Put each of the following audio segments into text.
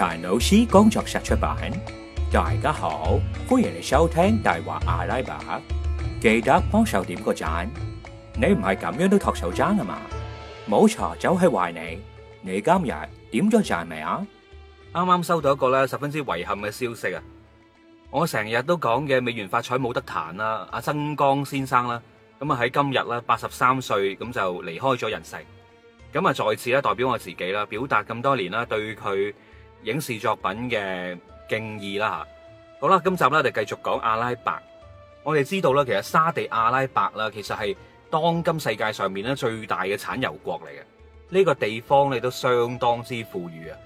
大老師工作室出版，大家好歡迎嚟收聽《大話阿拉伯》，記得幫手點個讚。你唔係咁樣都托手踭啊嘛？冇錯，就係壞你。你今日點咗讚未啊？啱啱收到一個咧十分之遺憾嘅消息啊！我成日都講嘅美元發財冇得彈啦，阿曾光先生啦，咁啊喺今日咧八十三歲咁就離開咗人世。咁啊再次咧代表我自己啦，表達咁多年啦對佢。影視作品嘅敬意啦，嚇，好啦，今集咧我哋繼續講阿拉伯。我哋知道咧，其實沙地阿拉伯啦，其實係當今世界上面咧最大嘅產油國嚟嘅。呢個地方咧都相當之富裕啊，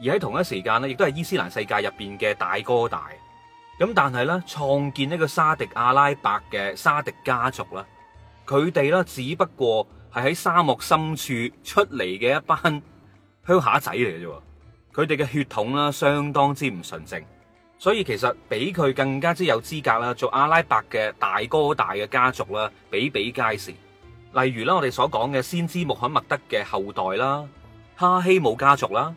而喺同一時間咧，亦都係伊斯蘭世界入邊嘅大哥大。咁但係咧，創建呢個沙迪阿拉伯嘅沙迪家族啦，佢哋咧只不過係喺沙漠深處出嚟嘅一班鄉下仔嚟嘅啫。佢哋嘅血統啦，相當之唔純正，所以其實比佢更加之有資格啦，做阿拉伯嘅大哥大嘅家族啦，比比皆是。例如啦，我哋所講嘅先知穆罕默德嘅後代啦，哈希姆家族啦，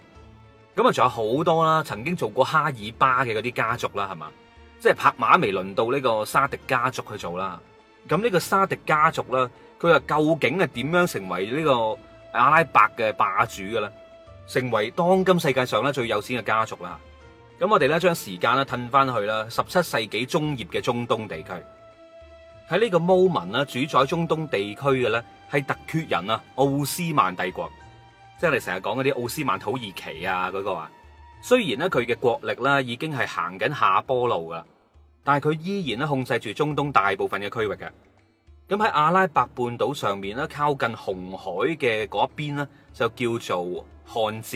咁啊仲有好多啦，曾經做過哈爾巴嘅嗰啲家族啦，係嘛，即係拍馬未輪到呢個沙迪家族去做啦。咁呢個沙迪家族啦，佢啊究竟係點樣成為呢個阿拉伯嘅霸主嘅咧？成為當今世界上咧最有錢嘅家族啦。咁我哋咧將時間咧褪翻去啦，十七世紀中葉嘅中東地區喺呢個 moment 啦，主宰中東地區嘅咧係突厥人啊，奧斯曼帝國，即係你成日講嗰啲奧斯曼土耳其啊嗰個啊。雖然咧佢嘅國力咧已經係行緊下坡路噶，但係佢依然咧控制住中東大部分嘅區域嘅。咁喺阿拉伯半島上面咧，靠近紅海嘅嗰一邊呢就叫做漢志。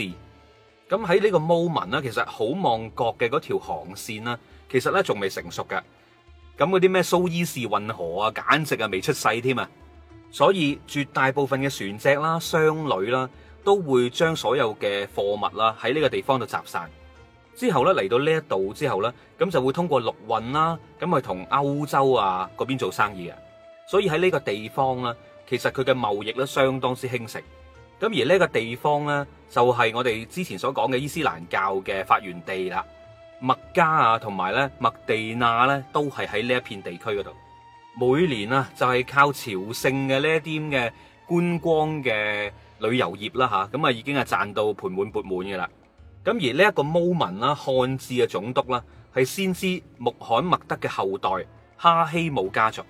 咁喺呢個 moment 呢，其實好望角嘅嗰條航線啦，其實呢仲未成熟嘅。咁嗰啲咩蘇伊士運河啊，簡直啊未出世添啊！所以絕大部分嘅船隻啦、商旅啦，都會將所有嘅貨物啦喺呢個地方度集散之後呢，嚟到呢一度之後呢，咁就會通過陸運啦，咁去同歐洲啊嗰邊做生意啊。所以喺呢個地方啦，其實佢嘅貿易咧相當之興盛。咁而呢個地方咧，就係我哋之前所講嘅伊斯蘭教嘅發源地啦。麥加啊，同埋咧麥地那咧，都係喺呢一片地區嗰度。每年啊，就係靠朝聖嘅呢一啲咁嘅觀光嘅旅遊業啦，吓咁啊已經啊賺到盆滿缽滿嘅啦。咁而呢一個穆民啦，漢志嘅總督啦，係先知穆罕默德嘅後代哈希姆家族。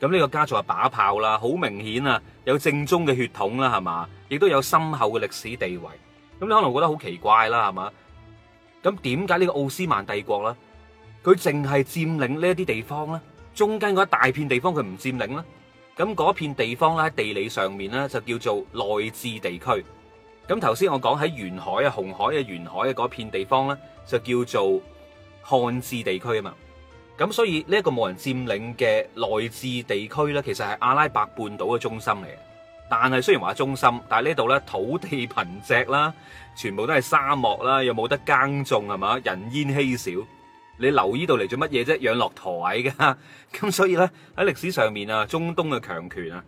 咁呢個家族係把炮啦，好明顯啊，有正宗嘅血統啦，係嘛，亦都有深厚嘅歷史地位。咁你可能覺得好奇怪啦，係嘛？咁點解呢個奧斯曼帝國咧，佢淨係佔領呢一啲地方咧？中間嗰一大片地方佢唔佔領咧？咁嗰片地方咧，喺地理上面咧就叫做內志地區。咁頭先我講喺沿海啊、紅海呀、沿海嘅嗰片地方咧，就叫做漢志地區啊嘛。咁所以呢一個冇人佔領嘅內志地區呢，其實係阿拉伯半島嘅中心嚟嘅。但係雖然話中心，但係呢度呢，土地貧瘠啦，全部都係沙漠啦，又冇得耕種係嘛，人煙稀少。你留喺呢度嚟做乜嘢啫？養駱駝㗎。咁 所以呢，喺歷史上面啊，中東嘅強權啊，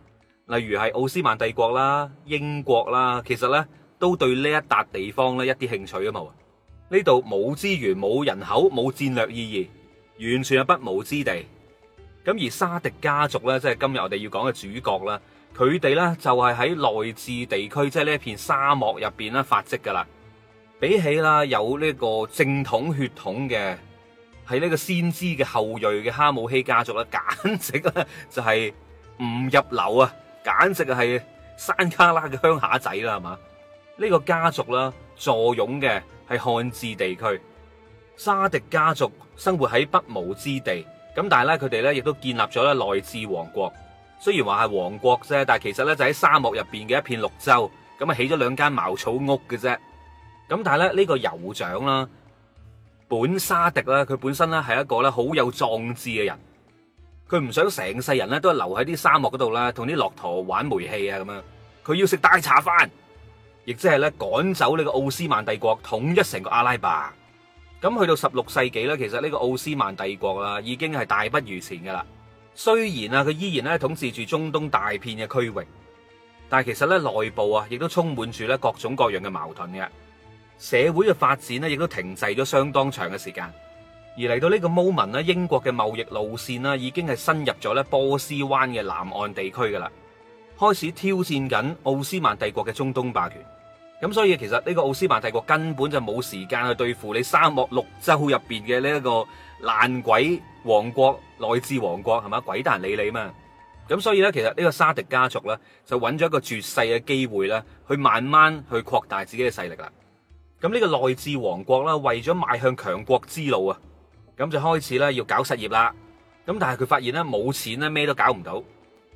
例如係奧斯曼帝國啦、英國啦，其實呢都對呢一笪地方呢一啲興趣都冇。呢度冇資源、冇人口、冇戰略意義。完全係不毛之地，咁而沙迪家族咧，即係今日我哋要講嘅主角啦。佢哋咧就係喺內志地區，即係呢一片沙漠入邊咧發跡噶啦。比起啦有呢個正統血統嘅，係呢個先知嘅後裔嘅哈姆希家族咧，簡直啊就係唔入流啊，簡直係山卡拉嘅鄉下仔啦，係嘛？呢、這個家族咧坐擁嘅係漢志地區。沙迪家族生活喺不毛之地，咁但係咧，佢哋咧亦都建立咗咧內志王國。雖然話係王國啫，但係其實咧就喺沙漠入邊嘅一片綠洲，咁啊起咗兩間茅草屋嘅啫。咁但係咧呢個酋長啦，本沙迪啦，佢本身咧係一個咧好有壯志嘅人，佢唔想成世人咧都係留喺啲沙漠嗰度啦，同啲駱駝玩煤氣啊咁樣，佢要食大茶飯，亦即係咧趕走呢個奧斯曼帝國，統一成個阿拉伯。咁去到十六世紀咧，其實呢個奧斯曼帝國啦，已經係大不如前噶啦。雖然啊，佢依然咧統治住中東大片嘅區域，但係其實咧內部啊，亦都充滿住咧各種各樣嘅矛盾嘅。社會嘅發展呢亦都停滯咗相當長嘅時間。而嚟到呢個 moment 咧，英國嘅貿易路線啦，已經係深入咗咧波斯灣嘅南岸地區噶啦，開始挑戰緊奧斯曼帝國嘅中東霸權。咁所以其實呢個奧斯曼帝國根本就冇時間去對付你沙漠綠洲入邊嘅呢一個爛鬼王國、內志王國係嘛，鬼彈理你嘛。咁所以呢，其實呢個沙迪家族呢，就揾咗一個絕世嘅機會呢，去慢慢去擴大自己嘅勢力啦。咁呢個內志王國呢，為咗邁向強國之路啊，咁就開始呢要搞實業啦。咁但係佢發現呢，冇錢呢，咩都搞唔到。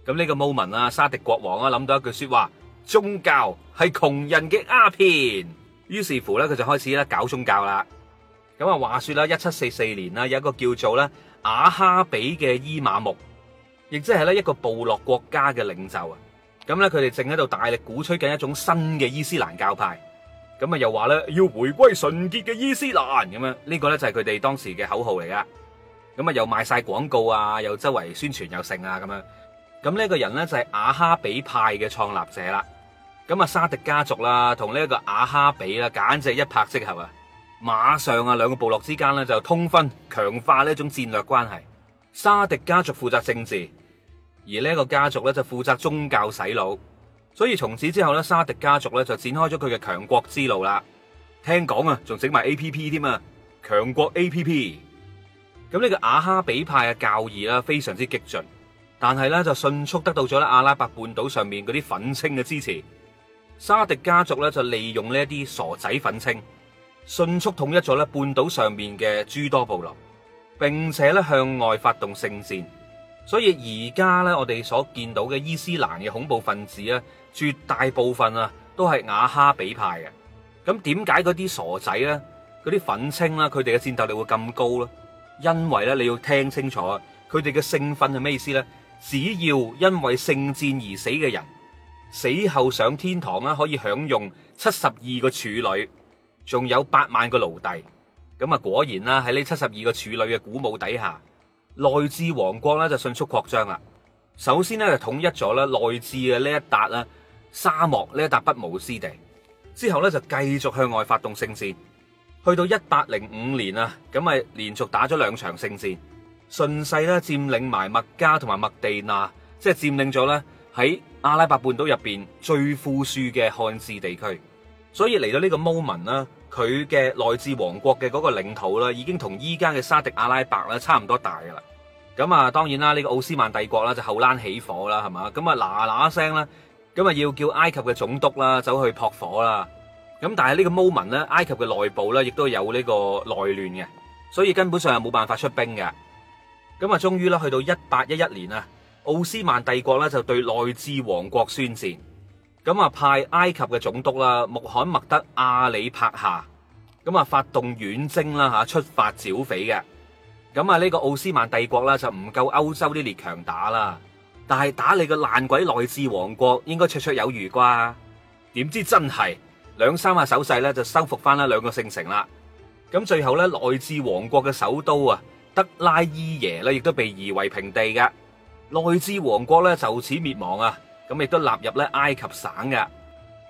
咁呢個 moment 啊，沙迪國王啊，諗到一句說話。宗教係窮人嘅鴉片，於是乎咧，佢就開始咧搞宗教啦。咁啊，話說啦，一七四四年啦，有一個叫做咧阿哈比嘅伊瑪木，亦即係咧一個部落國家嘅領袖啊。咁咧，佢哋正喺度大力鼓吹緊一種新嘅伊斯蘭教派。咁啊，又話咧要回歸純潔嘅伊斯蘭。咁樣呢個咧就係佢哋當時嘅口號嚟噶。咁啊，又賣晒廣告啊，又周圍宣傳又盛啊，咁樣。咁呢個人咧就係阿哈比派嘅創立者啦。咁啊，沙迪家族啦，同呢一個阿哈比啦，簡直一拍即合啊！馬上啊，兩個部落之間咧就通婚強化呢一種戰略關係。沙迪家族負責政治，而呢個家族咧就負責宗教洗腦。所以從此之後咧，沙迪家族咧就展開咗佢嘅強國之路啦。聽講啊，仲整埋 A P P 添啊，強國 A P P。咁、這、呢個阿哈比派嘅教義啦，非常之激進，但係咧就迅速得到咗咧阿拉伯半島上面嗰啲憤青嘅支持。沙迪家族咧就利用呢一啲傻仔憤青，迅速統一咗咧半島上面嘅諸多部落，並且咧向外發動聖戰。所以而家咧我哋所見到嘅伊斯蘭嘅恐怖分子啊，絕大部分啊都係瓦哈比派嘅。咁點解嗰啲傻仔咧、嗰啲憤青啦，佢哋嘅戰鬥力會咁高咧？因為咧你要聽清楚啊，佢哋嘅聖訓係咩意思咧？只要因為聖戰而死嘅人。死後上天堂啦，可以享用七十二個處女，仲有八萬個奴隸。咁啊，果然啦，喺呢七十二個處女嘅鼓舞底下，內志王國咧就迅速擴張啦。首先咧就統一咗啦內志嘅呢一笪啦沙漠呢一笪不毛之地，之後咧就繼續向外發動聖戰，去到一八零五年啊，咁咪連續打咗兩場聖戰，順勢咧佔領埋麥加同埋麥地那，即係佔領咗咧。喺阿拉伯半島入邊最富庶嘅漢志地區，所以嚟到呢個 moment 啦，佢嘅內志王國嘅嗰個領土啦，已經同依家嘅沙特阿拉伯啦差唔多大噶啦。咁啊，當然啦，呢個奧斯曼帝國啦就後欄起火啦，係嘛？咁啊嗱嗱聲啦，咁啊要叫埃及嘅總督啦走去撲火啦。咁但係呢個 moment，咧，埃及嘅內部咧亦都有呢個內亂嘅，所以根本上係冇辦法出兵嘅。咁啊，終於啦，去到一八一一年啊。奧斯曼帝國咧就對內志王國宣戰，咁啊派埃及嘅總督啦穆罕默德阿里帕夏，咁啊發動遠征啦吓，出發剿匪嘅。咁啊呢個奧斯曼帝國啦就唔夠歐洲啲列強打啦，但係打你個爛鬼內志王國應該綽綽有餘啩。點知真係兩三下手勢咧就收復翻啦兩個聖城啦。咁最後咧內志王國嘅首都啊德拉伊耶啦亦都被夷為平地嘅。內志王國咧就此滅亡啊！咁亦都納入咧埃及省嘅。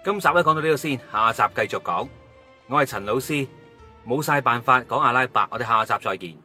今集咧講到呢度先，下集繼續講。我係陳老師，冇晒辦法講阿拉伯，我哋下集再見。